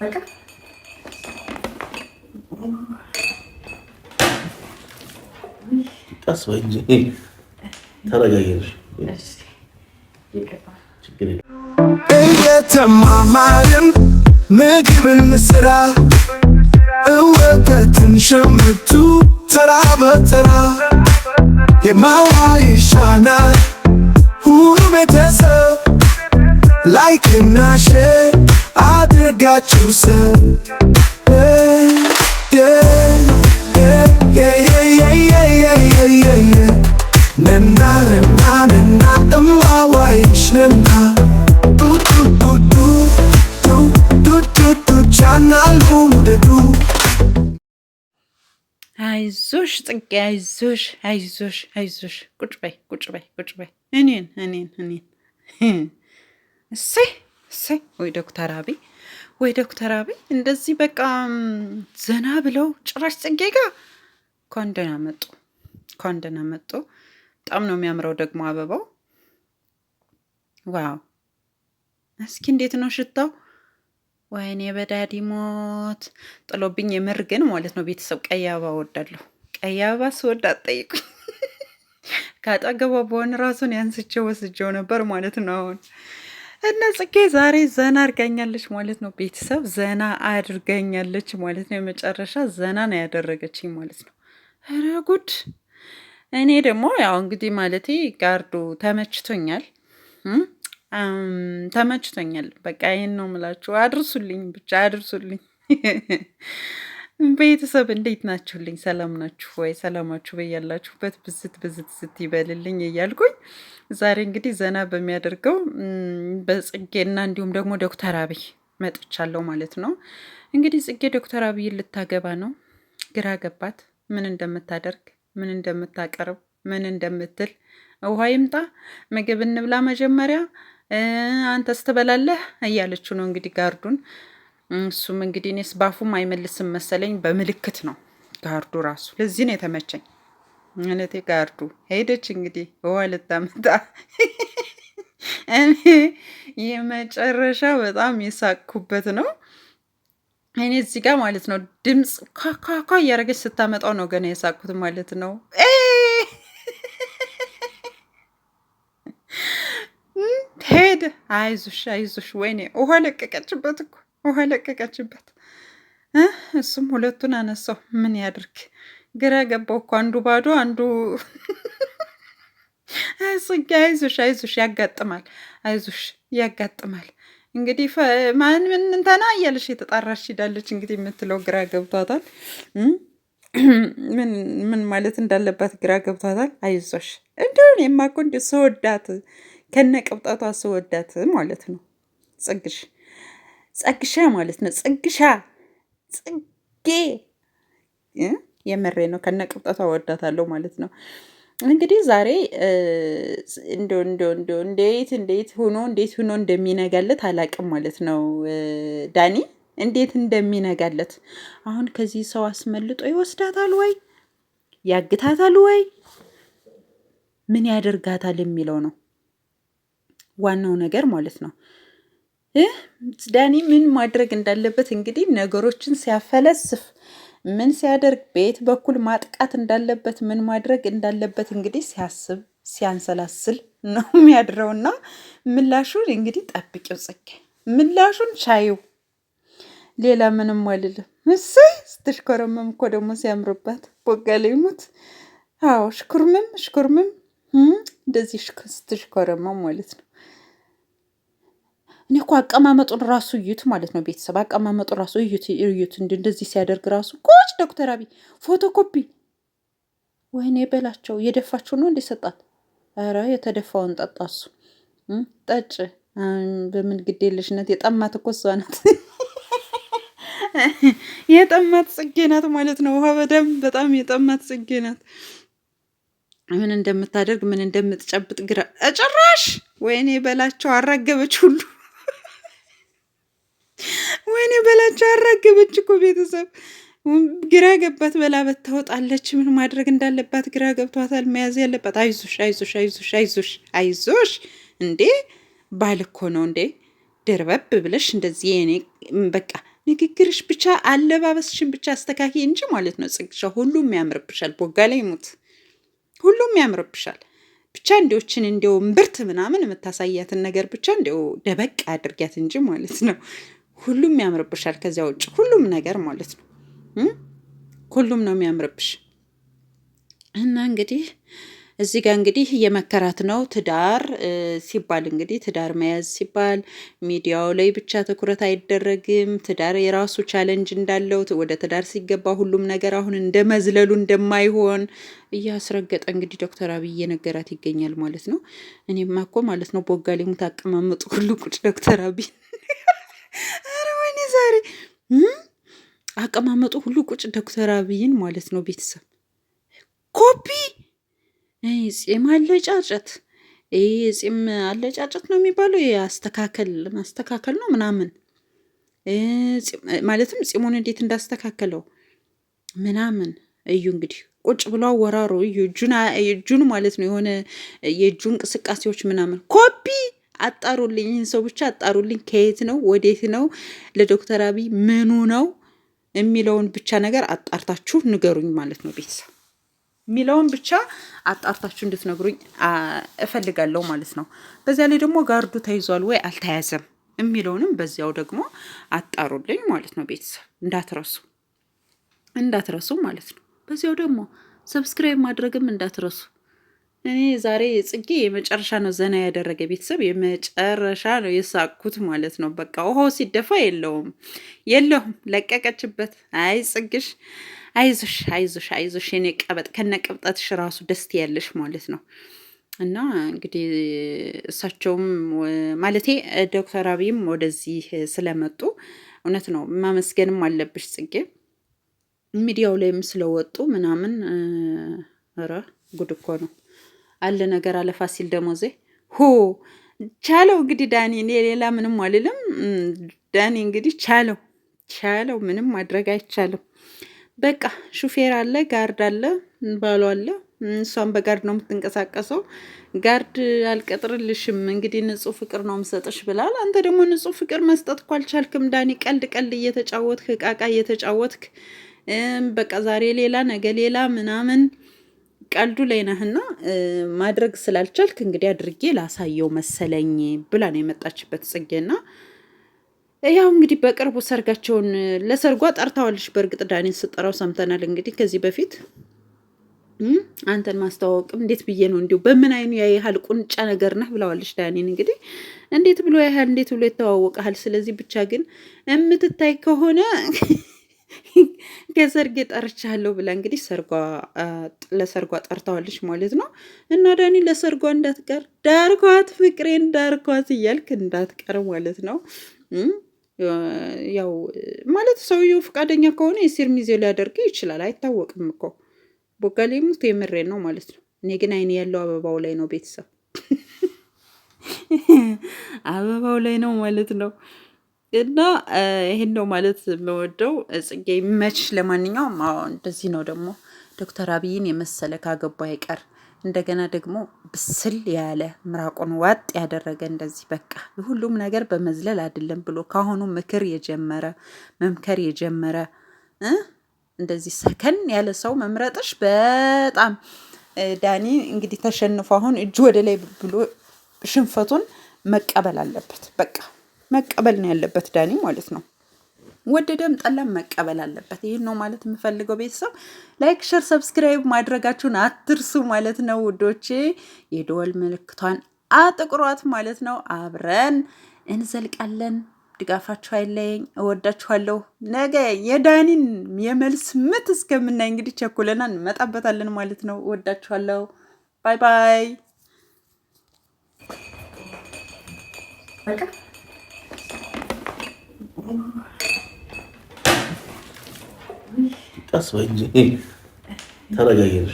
በቃ ቀስ በይ እንጂ ተረጋጊ። እየተማማርን ምግብን ስራ እወተትን ሸምቱ ተራ በተራ የማዋ ይሻናል ሁሉ ቤተሰብ ላይክም ናሸር አድርጋችሁ ሰብ ነናርናንና እማዋይሽንና ቻናልሙደዱ አይዞሽ ጽጌ አይዞሽ አይዞሽ አይዞሽ ቁጭ በይ ቁጭ በይ ቁጭ በይ እኔን እኔን እኔን እሰይ እሰይ! ወይ ዶክተር አብይ ወይ ዶክተር አብይ እንደዚህ በቃ ዘና ብለው ጭራሽ ጽጌ ጋር እንኳን ደህና መጡ፣ እንኳን ደህና መጡ። በጣም ነው የሚያምረው ደግሞ አበባው። ዋው! እስኪ እንዴት ነው ሽታው? ወይኔ በዳዲ ሞት ጥሎብኝ፣ የምር ግን ማለት ነው ቤተሰብ ቀይ አበባ ወዳለሁ ቀይ አበባ ስወድ አትጠይቁኝ። ከአጠገቧ በሆን ራሱን ያንስቸው ወስጀው ነበር ማለት ነው አሁን እና ጽጌ ዛሬ ዘና አድርጋኛለች ማለት ነው። ቤተሰብ ዘና አድርገኛለች ማለት ነው። የመጨረሻ ዘና ነው ያደረገችኝ ማለት ነው። ኧረ ጉድ! እኔ ደግሞ ያው እንግዲህ ማለቴ ጋርዶ ተመችቶኛል ተመችቶኛል። በቃ ይህን ነው የምላችሁ። አድርሱልኝ ብቻ አድርሱልኝ። ቤተሰብ እንዴት ናችሁልኝ? ሰላም ናችሁ ወይ? ሰላማችሁ በያላችሁበት ብዝት ብዝት ስት ይበልልኝ እያልኩኝ ዛሬ እንግዲህ ዘና በሚያደርገው በጽጌና እንዲሁም ደግሞ ዶክተር አብይ መጥቻለሁ ማለት ነው። እንግዲህ ጽጌ ዶክተር አብይ ልታገባ ነው። ግራ ገባት። ምን እንደምታደርግ ምን እንደምታቀርብ ምን እንደምትል ውሃ ይምጣ ምግብ እንብላ መጀመሪያ አንተ ስትበላለህ እያለችው ነው እንግዲህ ጋርዱን እሱም እንግዲህ እኔስ ባፉም አይመልስም መሰለኝ በምልክት ነው ጋርዱ ራሱ። ለዚህ ነው የተመቸኝ ማለቴ ጋርዱ ሄደች እንግዲህ ውሃ ልታመጣ። እኔ የመጨረሻ በጣም የሳቅኩበት ነው እኔ እዚህ ጋር ማለት ነው ድምፅ ካካካ እያደረገች ስታመጣው ነው ገና የሳቅኩት ማለት ነው። ሄድ አይዞሽ አይዞሽ፣ ወይኔ ውሃ ለቀቀችበት እኮ ውሃ ለቀቀችበት። እሱም ሁለቱን አነሳው። ምን ያድርግ ግራ ገባው እኮ አንዱ ባዶ አንዱ ጽጌ አይዞሽ አይዞሽ ያጋጥማል፣ አይዞሽ ያጋጥማል። እንግዲህ ማን ምን እንተና እያለሽ የተጣራሽ ሂዳለች እንግዲህ የምትለው ግራ ገብቷታል። ምን ማለት እንዳለባት ግራ ገብቷታል። አይዞሽ እንዲሁን የማኮንድ ስወዳት ከነ ቅብጠቷ ስወዳት ማለት ነው ጽግሽ ጸግሻ ማለት ነው። ጽግሻ ጽጌ፣ የመሬ ነው። ከነቅብጠቷ ወዳታለሁ ማለት ነው። እንግዲህ ዛሬ እንደው እንደው እንደው እንዴት እንዴት ሆኖ እንዴት ሆኖ እንደሚነጋለት አላቅም ማለት ነው። ዳኒ እንዴት እንደሚነጋለት አሁን ከዚህ ሰው አስመልጦ ይወስዳታል ወይ ያግታታል ወይ ምን ያደርጋታል የሚለው ነው ዋናው ነገር ማለት ነው። ዳኒ ምን ማድረግ እንዳለበት እንግዲህ ነገሮችን ሲያፈለስፍ ምን ሲያደርግ በየት በኩል ማጥቃት እንዳለበት ምን ማድረግ እንዳለበት እንግዲህ ሲያስብ ሲያንሰላስል ነው የሚያድረውና ምላሹን እንግዲህ ጠብቂው ጽጌ፣ ምላሹን ቻዩ። ሌላ ምንም አልልም። እሰይ ስትሽኮረመም እኮ ደግሞ ሲያምርባት ቦጋለ አዎ ሽኩርምም ሽኩርምም እንደዚህ ስትሽኮረመም ማለት ነው። እኔ እኮ አቀማመጡን ራሱ እዩት ማለት ነው ቤተሰብ አቀማመጡን ራሱ እዩት እዩት። እንደዚህ ሲያደርግ ራሱ ኮች ዶክተር አብይ ፎቶኮፒ ወይኔ በላቸው። የደፋችሁ ነው እንዲሰጣት። ረ የተደፋውን ጠጣሱ ጠጭ። በምን ግዴለሽነት የጠማት እኮ እሷ ናት የጠማት ጽጌ ናት ማለት ነው። ውሃ በደም በጣም የጠማት ጽጌ ናት። ምን እንደምታደርግ ምን እንደምትጨብጥ ግራ ጭራሽ ወይኔ በላቸው። አራገበች ሁሉ ወይኔ በላቸው አራገበች እኮ ቤተሰብ ግራ ገባት። በላ በታወጣለች ምን ማድረግ እንዳለባት ግራ ገብቷታል። መያዝ ያለባት አይዞሽ፣ አይዞሽ፣ አይዞሽ፣ አይዞሽ፣ አይዞሽ። እንዴ ባል እኮ ነው እንዴ ደርበብ ብለሽ እንደዚህ የኔ በቃ ንግግርሽ ብቻ አለባበስሽን ብቻ አስተካኪ እንጂ ማለት ነው ጽግሻ፣ ሁሉም ያምርብሻል። ቦጋ ላይ ሙት ሁሉም ያምርብሻል። ብቻ እንዲዎችን እንዲው እምብርት ምናምን የምታሳያትን ነገር ብቻ እንዲው ደበቅ አድርጊያት እንጂ ማለት ነው። ሁሉም ያምርብሻል። ከዚያ ውጭ ሁሉም ነገር ማለት ነው፣ ሁሉም ነው የሚያምርብሽ። እና እንግዲህ እዚህ ጋር እንግዲህ የመከራት ነው ትዳር ሲባል እንግዲህ ትዳር መያዝ ሲባል ሚዲያው ላይ ብቻ ትኩረት አይደረግም። ትዳር የራሱ ቻለንጅ እንዳለው ወደ ትዳር ሲገባ ሁሉም ነገር አሁን እንደ መዝለሉ እንደማይሆን እያስረገጠ እንግዲህ ዶክተር አብይ እየነገራት ይገኛል ማለት ነው። እኔማ እኮ ማለት ነው ቦጋሌ ሙት አቀማመጡ ሁሉ ቁጭ ዶክተር አብይ አቀማመጡ ሁሉ ቁጭ ዶክተር አብይን ማለት ነው። ቤተሰብ ኮፒ ፂም አለጫጨት ፂም አለጫጨት ነው የሚባለው አስተካከል ማስተካከል ነው ምናምን ማለትም ፂሙን እንዴት እንዳስተካከለው ምናምን እዩ እንግዲህ ቁጭ ብሎ አወራሩ እጁን ማለት ነው የሆነ የእጁ እንቅስቃሴዎች ምናምን ኮፒ አጣሩልኝ። ይህን ሰው ብቻ አጣሩልኝ። ከየት ነው? ወዴት ነው? ለዶክተር አብይ ምኑ ነው? የሚለውን ብቻ ነገር አጣርታችሁ ንገሩኝ ማለት ነው ቤተሰብ የሚለውን ብቻ አጣርታችሁ እንድትነግሩኝ እፈልጋለሁ ማለት ነው። በዚያ ላይ ደግሞ ጋርዱ ተይዟል ወይ አልተያዘም የሚለውንም በዚያው ደግሞ አጣሩልኝ ማለት ነው ቤተሰብ እንዳትረሱ እንዳትረሱ ማለት ነው። በዚያው ደግሞ ሰብስክራይብ ማድረግም እንዳትረሱ። እኔ ዛሬ ጽጌ የመጨረሻ ነው ዘና ያደረገ ቤተሰብ የመጨረሻ ነው የሳቅኩት ማለት ነው። በቃ ውሃው ሲደፋ የለውም የለውም ለቀቀችበት። አይ ጽግሽ አይዞሽ አይዞሽ አይዞሽ የኔ ቀበጥ ከነ ቅብጠትሽ ራሱ ደስት ያለሽ ማለት ነው። እና እንግዲህ እሳቸውም ማለቴ ዶክተር አብይም ወደዚህ ስለመጡ እውነት ነው ማመስገንም አለብሽ ጽጌ ሚዲያው ላይም ስለወጡ ምናምን ኧረ ጉድ እኮ ነው። አለ ነገር አለ ፋሲል ደሞዜ ሆ ቻለው እንግዲህ ዳኒ፣ እኔ ሌላ ምንም አልልም። ዳኒ እንግዲህ ቻለው ቻለው፣ ምንም ማድረግ አይቻልም። በቃ ሹፌር አለ፣ ጋርድ አለ፣ ባሏ አለ። እሷን በጋርድ ነው የምትንቀሳቀሰው። ጋርድ አልቀጥርልሽም እንግዲህ ንጹህ ፍቅር ነው የምሰጥሽ ብላል። አንተ ደግሞ ንጹህ ፍቅር መስጠት እኮ አልቻልክም ዳኒ። ቀልድ ቀልድ እየተጫወትክ እቃቃ እየተጫወትክ በቃ ዛሬ ሌላ ነገ ሌላ ምናምን ቀልዱ ላይ ነህና ማድረግ ስላልቻልክ እንግዲህ አድርጌ ላሳየው መሰለኝ ብላ ነው የመጣችበት ጽጌና ያው እንግዲህ በቅርቡ ሰርጋቸውን ለሰርጓ ጠርታዋለች። በእርግጥ ዳኒን ስጠራው ሰምተናል። እንግዲህ ከዚህ በፊት አንተን ማስተዋወቅም እንዴት ብዬ ነው እንዲሁ በምን አይኑ ያይሃል ቁንጫ ነገር ነህ ብለዋለች ዳኒን። እንግዲህ እንዴት ብሎ ያህል እንዴት ብሎ ይተዋወቀሃል። ስለዚህ ብቻ ግን የምትታይ ከሆነ ገዘርጌ ጠርቻለሁ ብላ እንግዲህ ሰርጓ ለሰርጓ ጠርታዋለች ማለት ነው። እና ዳኒ ለሰርጓ እንዳትቀር ዳርኳት፣ ፍቅሬን ዳርኳት እያልክ እንዳትቀር ማለት ነው። ያው ማለት ሰውየው ፈቃደኛ ከሆነ የሲር ሚዜ ሊያደርግ ይችላል። አይታወቅም እኮ ቦጋሌ ሙት የምሬን ነው ማለት ነው። እኔ ግን አይኔ ያለው አበባው ላይ ነው ቤተሰብ አበባው ላይ ነው ማለት ነው። እና ይሄን ነው ማለት የምወደው። ጽጌ መች ለማንኛውም እንደዚህ ነው ደግሞ ዶክተር አብይን የመሰለ ካገባ አይቀር እንደገና ደግሞ ብስል ያለ ምራቁን ዋጥ ያደረገ እንደዚህ በቃ ሁሉም ነገር በመዝለል አይደለም ብሎ ካሁኑ ምክር የጀመረ መምከር የጀመረ እንደዚህ ሰከን ያለ ሰው መምረጥሽ በጣም ዳኒ እንግዲህ ተሸንፎ አሁን እጅ ወደ ላይ ብሎ ሽንፈቱን መቀበል አለበት በቃ። መቀበል ነው ያለበት ዳኒ ማለት ነው። ወደደም ጠላም መቀበል አለበት። ይህን ነው ማለት የምፈልገው። ቤተሰብ ላይክ፣ ሸር፣ ሰብስክራይብ ማድረጋችሁን አትርሱ ማለት ነው ውዶቼ። የደወል ምልክቷን አጥቁሯት ማለት ነው። አብረን እንዘልቃለን። ድጋፋችሁ አይለየኝ። እወዳችኋለሁ። ነገ የዳኒን የመልስ ምት እስከምናይ እንግዲህ ቸኩለና እንመጣበታለን ማለት ነው። እወዳችኋለሁ። ባይ ባይ። ቀስ በይ ተረጋጊ።